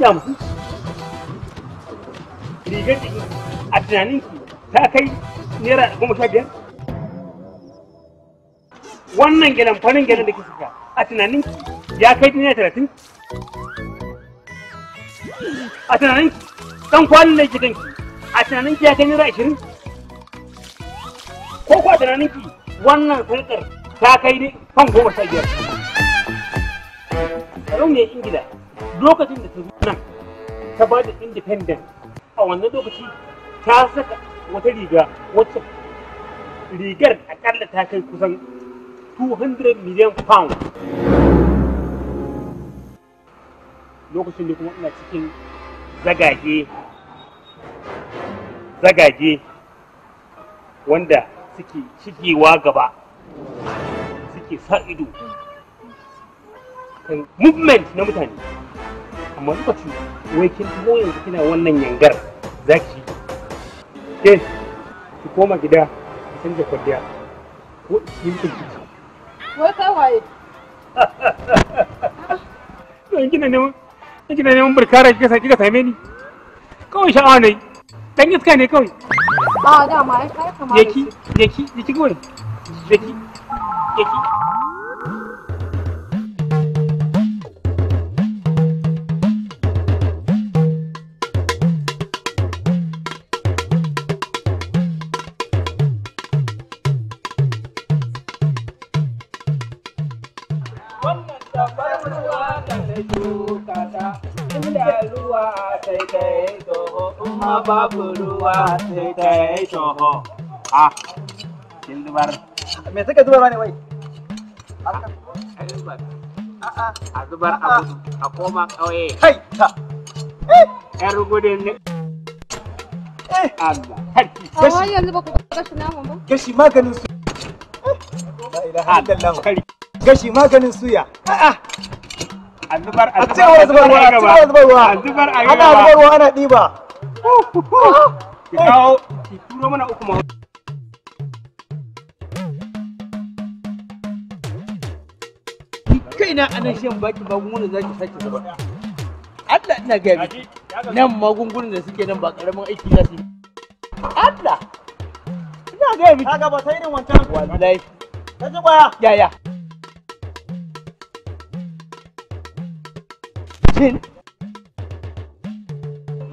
da hamsin rigar a tunaninki ta kai naira goma sha biyar wannan gyalan farin gyalan da kika a tunaninki ya kai naira talatin a tunaninki dan kwanan da gidanki a tunaninki ya kai naira ashirin ko ko a tunaninki wannan sarkar ta kai ne kan goma sha biyar. Rauniyar Ingila lokacin da ta nan ta ba da independent a wannan lokaci ta saka wata riga wacce rigar akalla ta kai kusan 200 million pound lokacin da kuma ina cikin zagage zagage wanda suke shigewa gaba suke sa ido kan movement na mutane amma lokacin wai kin tuho yanzu kina wannan yangar za ki ke ki koma gida ki canza kwadiya ko ki yi wai kai waye don kina neman don kina neman burkara kika kika same ni kawai sha'awa ne dan iska ne kawai a ma ai kai kamar yaki yaki yaki kawai yaki yaki kuma babu ruwa sai ta yi A, kin zubar. Me suka zubar ne wai? Ah, ah, a zubar a a koma ƙauye. Kai, ta. Eh. Yar gudun ne. Eh. Allah, harki. Amma yanzu ba ku gashi namun ba? Gashi maganin su. Eh. Ah, gashi maganin suya. a zubar a zubar ruwa a zubar ruwa ana zubar ruwa ana ɗiba Kaina anan shan baki magunguna za ki sake zuba. Allah ina gaya miki. Nan magunguna da suke nan ba karamin aiki za su yi. Allah! Ina gaya miki. Kaga ba sai irin wancan. Wallahi. Ka ji baya. Yaya. Shin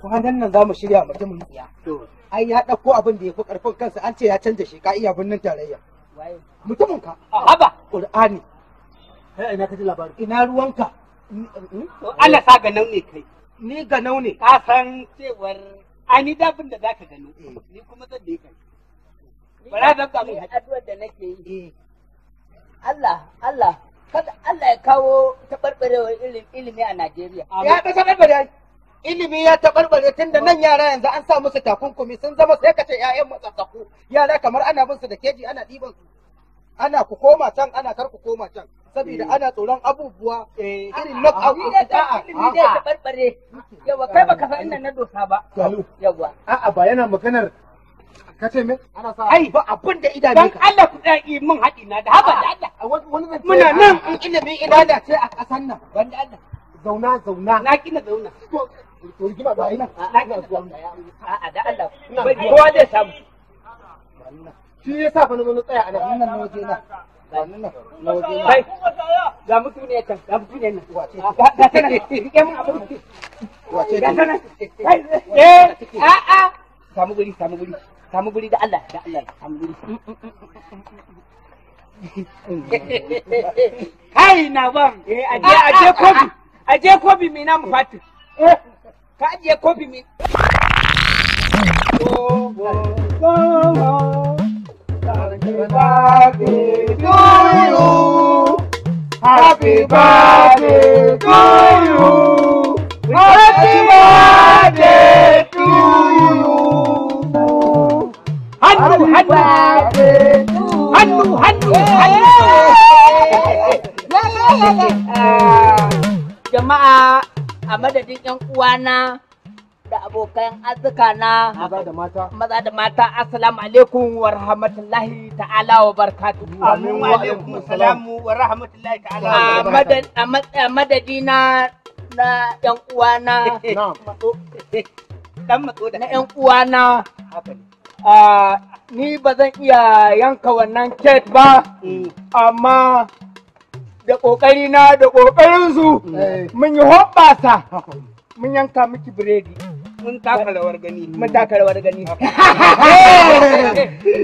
kwanan nan za mu shirya mutumin tsiya ai ya ɗauko abin da ya fi ƙarfin kansa an ce ya canza shi ka iya birnin tarayya mutumin ka ah, haba ƙur'ani ina ka ji labari ina ruwanka hmm? Allah sa ganau ne kai ni ganau ne ka san cewar ani dabin da zaka gano eh. ni kuma zan da kai bara da ka mu addu'ar da nake yi eh. Allah Allah kada Allah ya kawo taɓarɓarewar ilimi a Najeriya. Ya ɗaga taɓarɓarewa ilimi ya taɓarɓare tun da nan yara yanzu an sa musu takunkumi sun zama sai ka ce 'ya'yan matsatsaku yara kamar ana bin su da keji ana ɗiban su ana ku koma can ana kar ku koma can saboda ana tsoron abubuwa eh, irin knock out ko ta'a ilimi da ya taɓarɓare yawa kai baka san inda na dosa ba yawa a'a ba yana maganar ka ce me ana sa ai ba abin da idan ka Allah ku da mun min haɗi na da haba da Allah wani zai muna nan in ilimin ibada ce a ƙasar nan banda Allah zauna zauna na kina zauna rigima ba ina na a nan nan waje na Kai, ga na ban, eh, aje kobi, aje kobi ah, ah, ah, mai namu fatu. eh ka ajiye ya kofi mai Happy birthday to you. Happy birthday to you. a madadin yan uwana da abokan arzika na maza da mata maza da mata assalamu alaikum wa rahmatullahi ta'ala wa barakatuhu amin wa alaikum assalam wa rahmatullahi ta'ala wa barakatuhu a madadina na yan uwana dan matso da na yan uwana ni ba zan iya yanka wannan cake ba eh. amma da kokari na da kokarin su eh. mun yi hoɓasa mun yanka miki biredi mun taka rawar gani mun taka rawar gani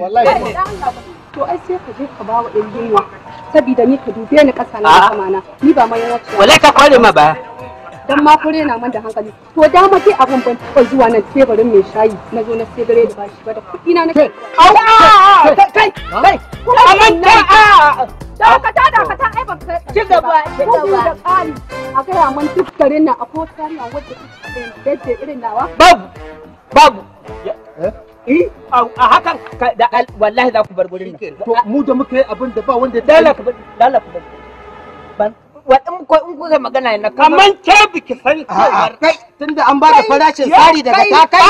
wallahi to ai sai ka je ka ba wa ɗan yunwa saboda ni ka dube ni ƙasa na sama na ni ba mai yawa wallahi ka kware ma ba dan ma kure na man da hankali to ma dai abun ban ko zuwa nan teburin mai shayi na zo na sai da bashi ba da kuɗi na nake kai a kai kai kai a kai dakata ci gaba ci gaba da ƙari a gaya mun duk garin nan akwai wata yarinya wadda take irin nawa babu babu eh? Eh, a hakan da wallahi za ku bar gurin nan mu da muka yi abin da ba wanda dala ku dala ku ban wadin ko in kuka magana na kaman ke biki san kai tunda an ba da farashin sari daga ta kai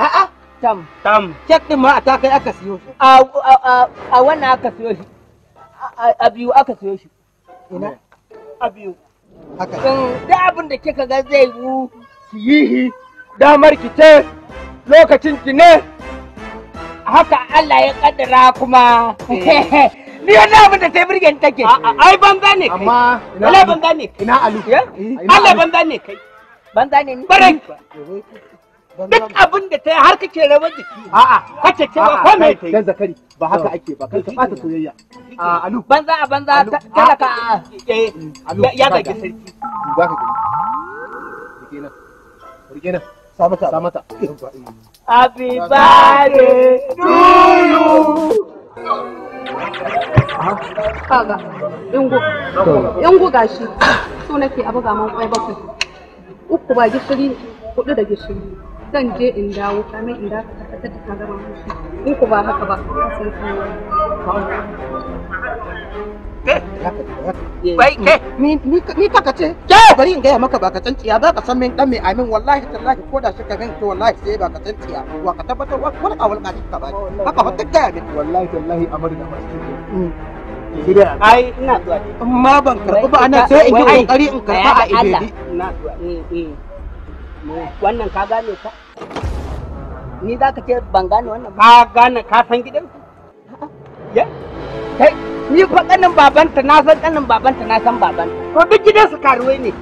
a'a tam tam kek din ma a ta kai aka siyo shi a a a wannan aka siyo shi a biyu aka siyo shi ina a biyu haka da abin da kika ga zai wu kiyihi damar ki ce lokacin ki ne haka Allah ya kaddara kuma eh. ni wani abin da sai birgen take ai banza ne kai amma ina banza ne ina alu eh? Allah banza ne kai banza ne ni barai duk abin da ta yi har kake rabar jiki a'a kace cewa ko me dan zakari ba haka ake ba kai ka bata soyayya a alu banza a banza talaka eh, eh, mm, ya sarki ba ka gani nan kaga ingo ingo gashi so nake abuga man kwai bakwai uku ba gishiri hudu da gishiri zan je in dawo kamar in dawo ka tafi ka gama musu in ku ba haka ba san Bai ke ni kaka ce bari in gaya maka ba ka tsantiya ba ka san min dan mai amin wallahi tallahi ko da shika min to wallahi sai ba ka tsantiya wa ka tabbatar wa wani awal ka ka ba haka ba ta gaya min wallahi tallahi amar da masu mm. ai ina zuwa amma ban karɓi ba ana sai in yi kokari in karɓa a ibedi ina wannan ka gane ka? ni za ka ce ban gane wannan ka gane ka san gidan kai ni fa kanin babanta na san kanin babanta na san babanta Ko duk su karuwe ne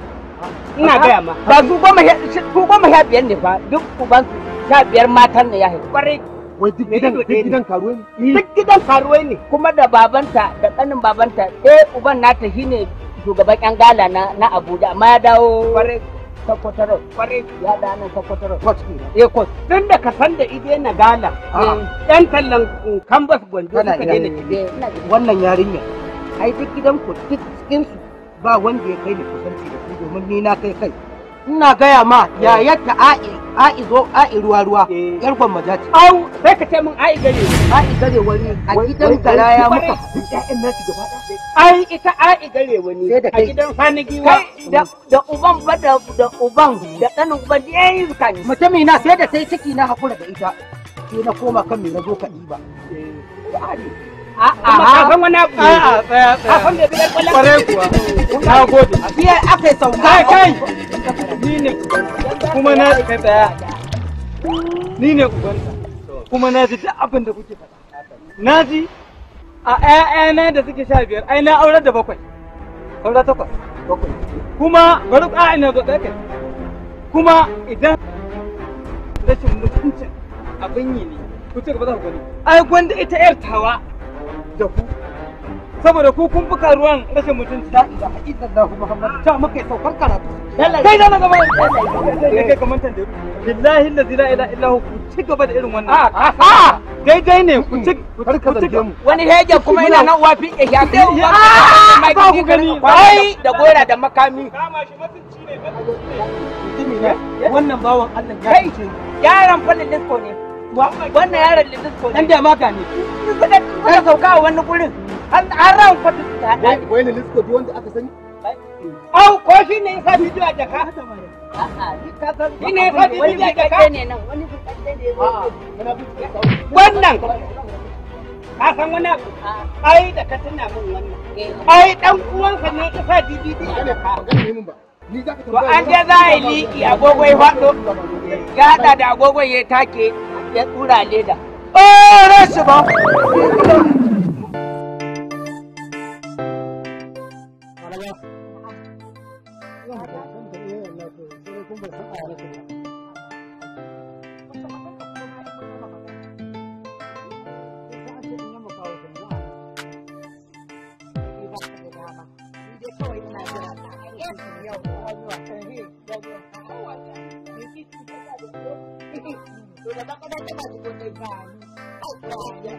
ina gaya ma ba su goma su goma sha biyar ne fa duk uban su sha biyar matan ne ya haifi kwarai wai duk gidan eh. duk gidan karuwe ne duk gidan karuwe ne kuma da babanta da kanin babanta eh uban nata shine shugaban yan gala na na Abuja amma ya dawo kwarai Sokoto Kwarai. Ya da nan Sokoto Road. Coach Eh coach. Tun da ka san da ide na gala. ɗan ah. eh, tallan kambas eh, gwanjo suka daina eh, na Wannan yarinya. Ai duk gidan ku duk cikin su ba wanda ya kai da kusanci da su domin ni na kai kai. Ina gaya ma yayata ta A'i zo a'i ruwa ruwa eh. yar gwamma za ta. Au sai ka ce min a'i gare. A'i gare wani a gidan garaya muka haɗu nasu gaba Ai ita a'i gare wani a gidan fanigiwa. Da uban ba da uban da ɗan uban da yayin zuka ne. na sai da sai ciki na hakura da ita. Sai na koma kan me na zo ka ɗiba. Eh. Da kuma a'a na kuma ni ne kuma ji duk abin da kuke faɗa na ji a ƴaƴana da suke sha biyar ai na aurar da bakwai saura takwas bakwai kuma bari ƙa'a ina tsakai kuma idan rashin mutuncin abin yi ne ku gaba za ku ai gwanda ita yar tawa da ku saboda ku kun buka ruwan rashin mutunci da da ta muka saukar karatu kai na gaba kai tan billahi la illa ku ci gaba da irin wannan a ah, ah, ah. daidai ne ku ci ku ci wani hege kuma yana nan uwa ya mai gani da da makami kama shi mutunci ne mutunci ne wannan bawan Allah ya ce yaran falin disko ne wannan yaron lizin ko dan da maka ne suka suka sauka a wani gurin har har ran kwatu wai ne lisko wanda aka sani au ko shi ne yasa bidiyo a jaka shi ne yasa bidiyo a jaka wannan ka san wani abu ai da ka tuna min wannan eh. ai dan uwansa ne ka sa dvd a jaka to an je za a yi liƙi agogon ya faɗo ya haɗa da agogon ya take ya tura leda. Oh, rashi ba. Yau. i ako not naman, kung may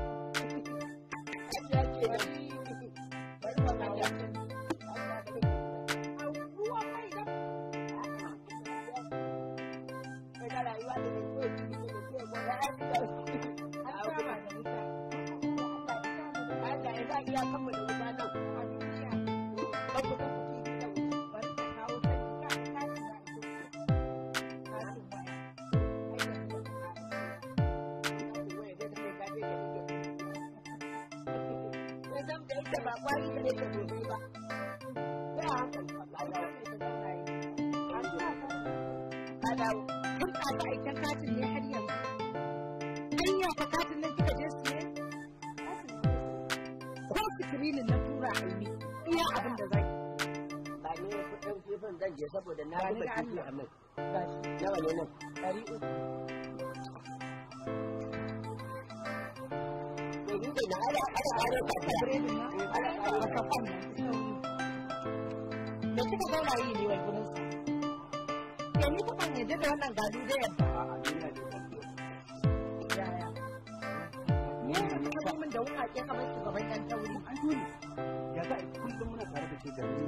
ya saboda na yi baki a nawa ne nan ɗari uku to na ala ala ala ka tare ala ala ka fanna da kika zauna yi ne wai gurin ni kuma ne da wannan gado zai yadda ne ka da wuka kamar shugaban dan tauri ya ga kullum muna tare da shi da ni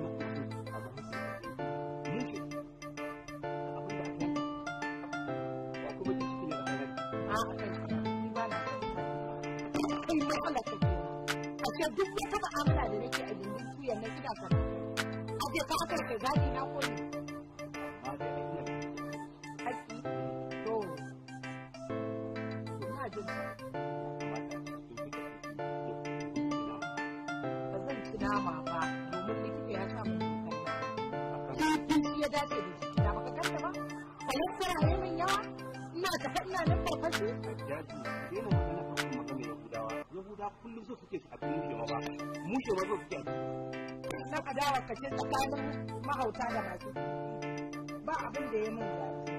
mu'amala ta ke a ce duk wata ma'amala da nake a gindin na ina ka a ce ka aka na ko ne haƙi to jin ba zan ci nama ba domin likita ya mu ya dace da jiki baka kanta ba min yawa ina tafa ina nan farfashi yahuda kullum so suke su a cikin shema ba mu shema so suke a na kadawa kace tsakanin mahauta da masu ba abin da ya mun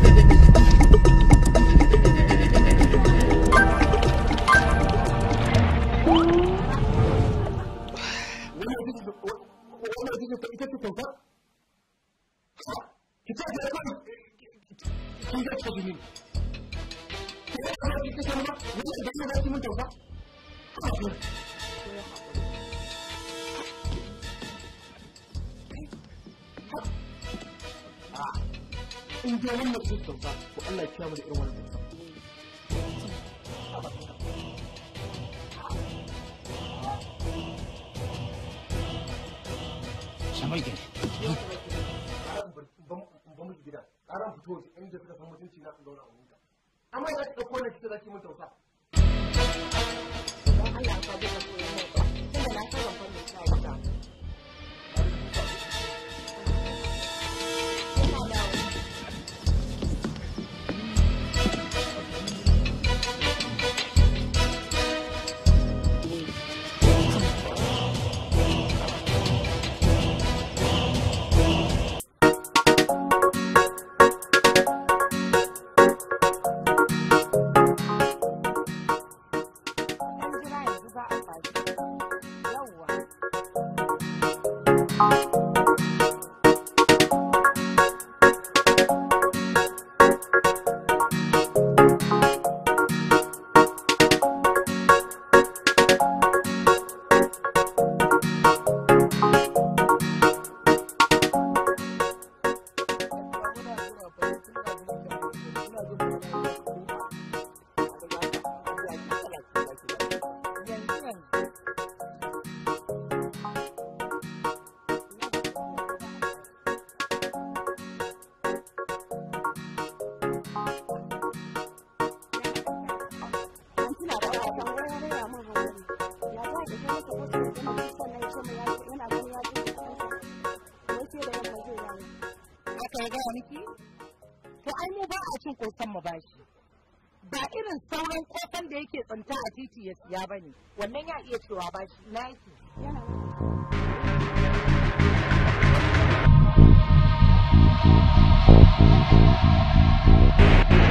Thank you. yake tsinta a titi ya siya ba ne wannan ya iya cewa ba shi na yake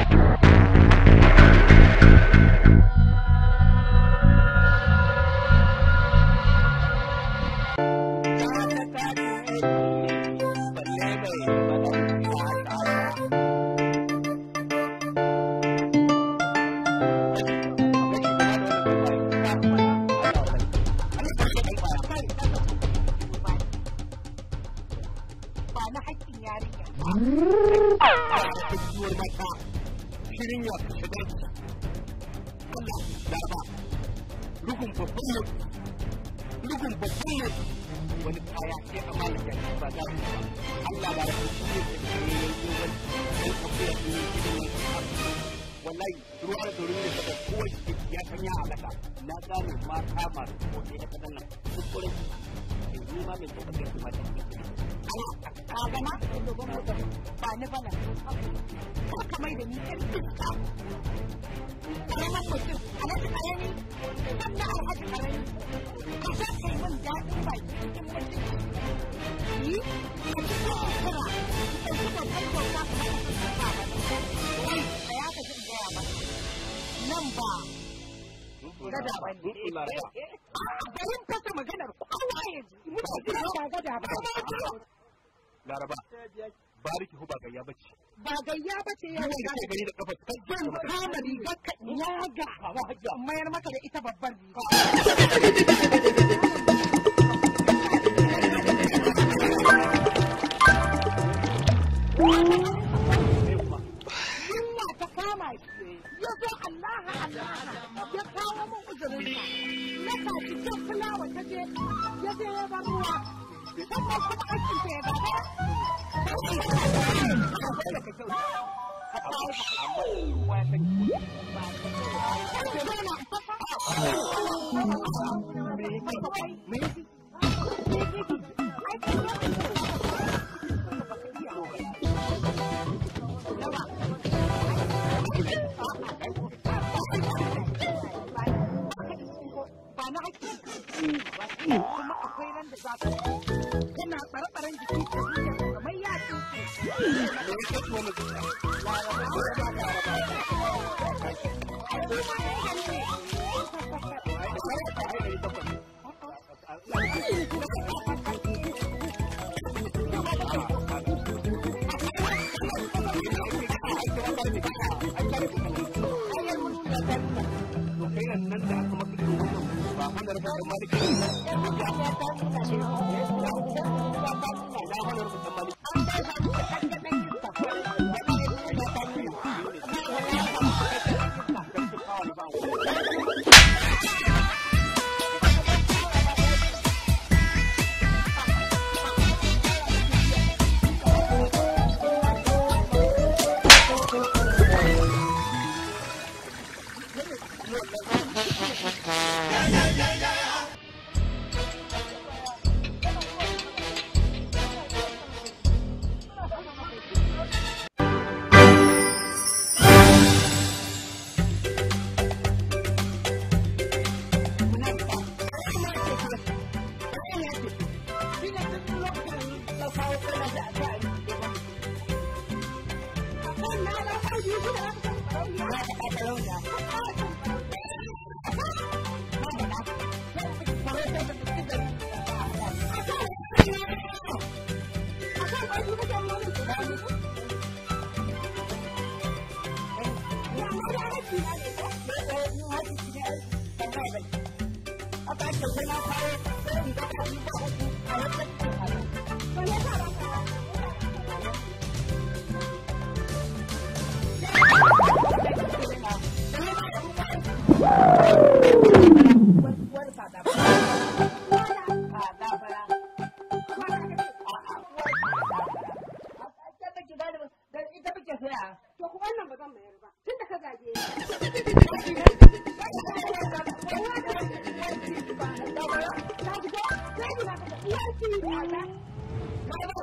Thank you. gada ba ne. Barin fasa maganar kowa ya ji. Muna jira ba gada ba. Laraba. Bariki hu ba gayya ba ce. Ba gayya ba ce ya yi gani. Gani da kafa. Zan kama rigar ka yaga. Mayar maka da ita babbar riga. ya zo Allah Allah ya kawo min uzurinsa na tafi can fulawa ta je ya je ya bar ruwa sannan kuma aikin ta ya ba ta ta ta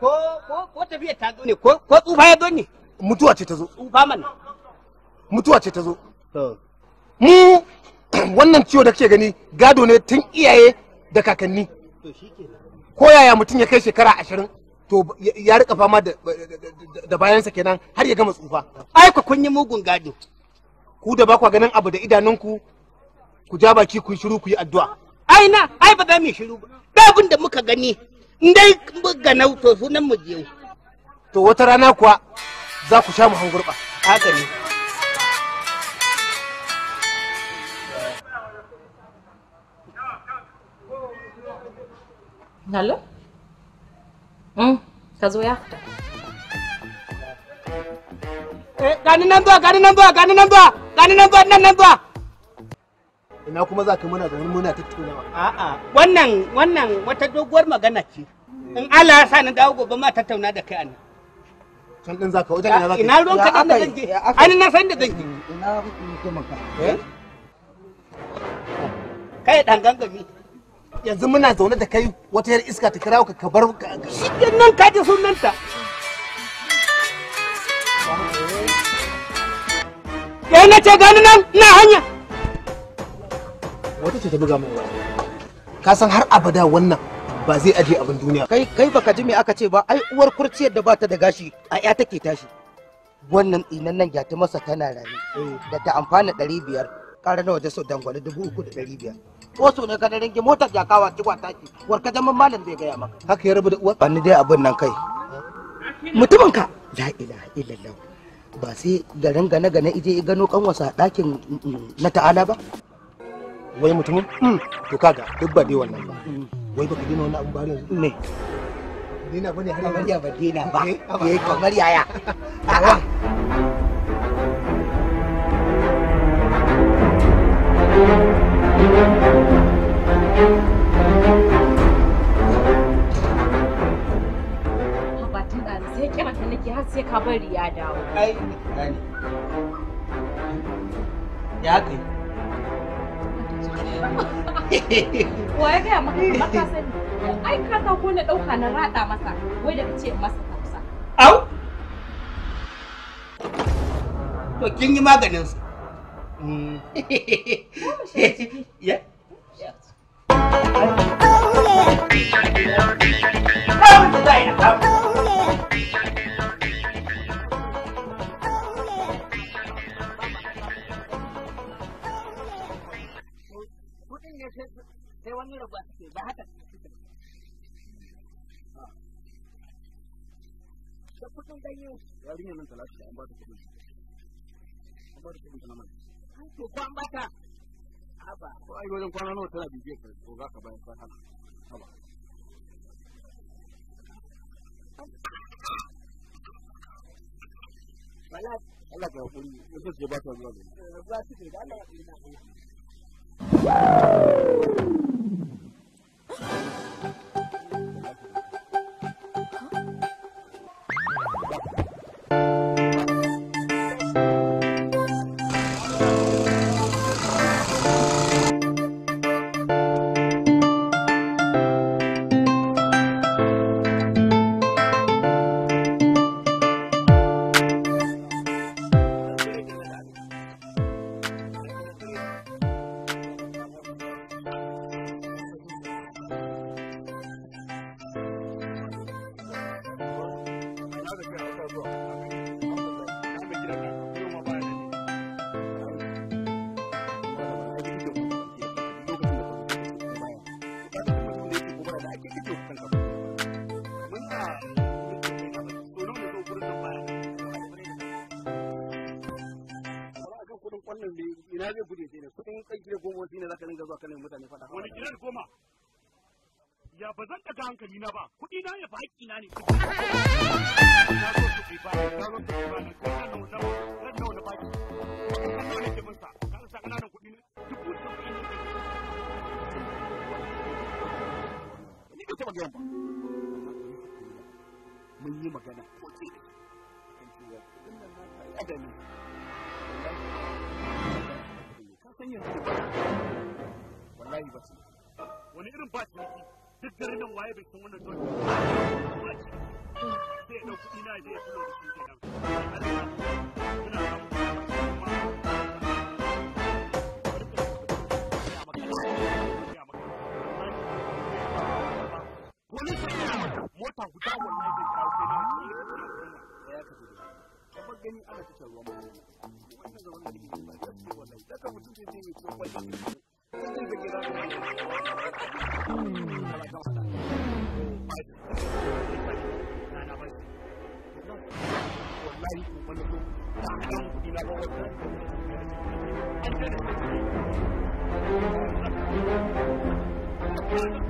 ko ko ko tafiya ta zo ne ko tsufa ya zo ne mutuwa ce ta zo tsufa mutuwa ce ta zo mu wannan ciwo da kake gani gado ne tun iyaye da kakanni ko yaya mutum ya kai shekara ashirin to ya rika fama da bayansa kenan har ya gama tsufa ai ku kun yi mugun gado ku da ba ganin abu da idanunku ku ja baki ku shiru ku yi addu'a ai na ai ba za mu shiru ba abin da muka gani in dai na to sunan mu je to wata rana kuwa za ku sha mu hangurba haka ne Hallo? Mm, ka zo ya fita. Eh, gani nan ba, gani nan ba, gani nan ba, gani nan ba, nan nan ba. ina kuma za ka muna da muna tattaunawa a'a wannan wannan wata doguwar magana ce in Allah ya sa na dawo gobe ma tattauna da kai anan can din zaka wajen ina zaka mm, ina ruwan ka da je. ani na san da je. ina mutumin ka eh? kai dan gangami yanzu muna zaune da kai wata yar iska ta kirawo ka ka bar shi nan ka ji sunanta Yana ce gani nan ina hanya. wata ce ta buga min ka san har abada wannan ba zai aje abin duniya kai kai baka ji me aka ce ba ai uwar kurciyar da bata da gashi a ya take tashi wannan tsinan nan ya ta masa tana rani eh. da ta amfana ɗari biyar ƙara na waje so dangwale dubu uku da ɗari biyar wasu ne kada ringe motar jakawa ki kwata ki warka zaman malam zai gaya maka haka ya rabu da uwar bani dai abin nan kai mutumin ka la ilaha illallah ba sai garin gane gane ije gano kanwasa ɗakin mm, mm, na ta'ala ba wai mutumin hmm. to kaga duk ba dai wannan ba hmm. wai baka dina wannan abun ba yanzu ne dina bane har kamar ya ba dina eh, ba eh kamar yaya a'a ya kai. Wa ya gaya maka ba ka sani. Ai ka ta ko na ɗauka na raɗa masa wai da kace masa tausa. Au! To kin yi maganin sa. Ya? talatu an ba ta kudin an ba ta kudin ta namar an to kwan bata haba ko ai wajen kwana nawa eh, tana bibiyar ka ko za ka bayan kwana haba wala Allah ka hakuri wasu su ba ta zuwa ne ba su da Allah ya na wannan ne ina zai bude sai ne kudin kan goma sai ne zaka dinga zuwa kana mutane fada wani kiran goma ya ba zan daga hankali na ba kudi na ya ba haƙƙi na ne na ko ne sa nan kudi yi adami ba wallahi ba wani irin ba ciniki duk dare nan waye bai san wannan dole ba ciniki sai ya je ya da shi kenan mota guda wallahi zai kawo wani ya da ya gani ana cikin ruwan wannan zaman da ke haka mutum ke ce ko kwallon cikin da gida wallahi ko kwallon ko ta na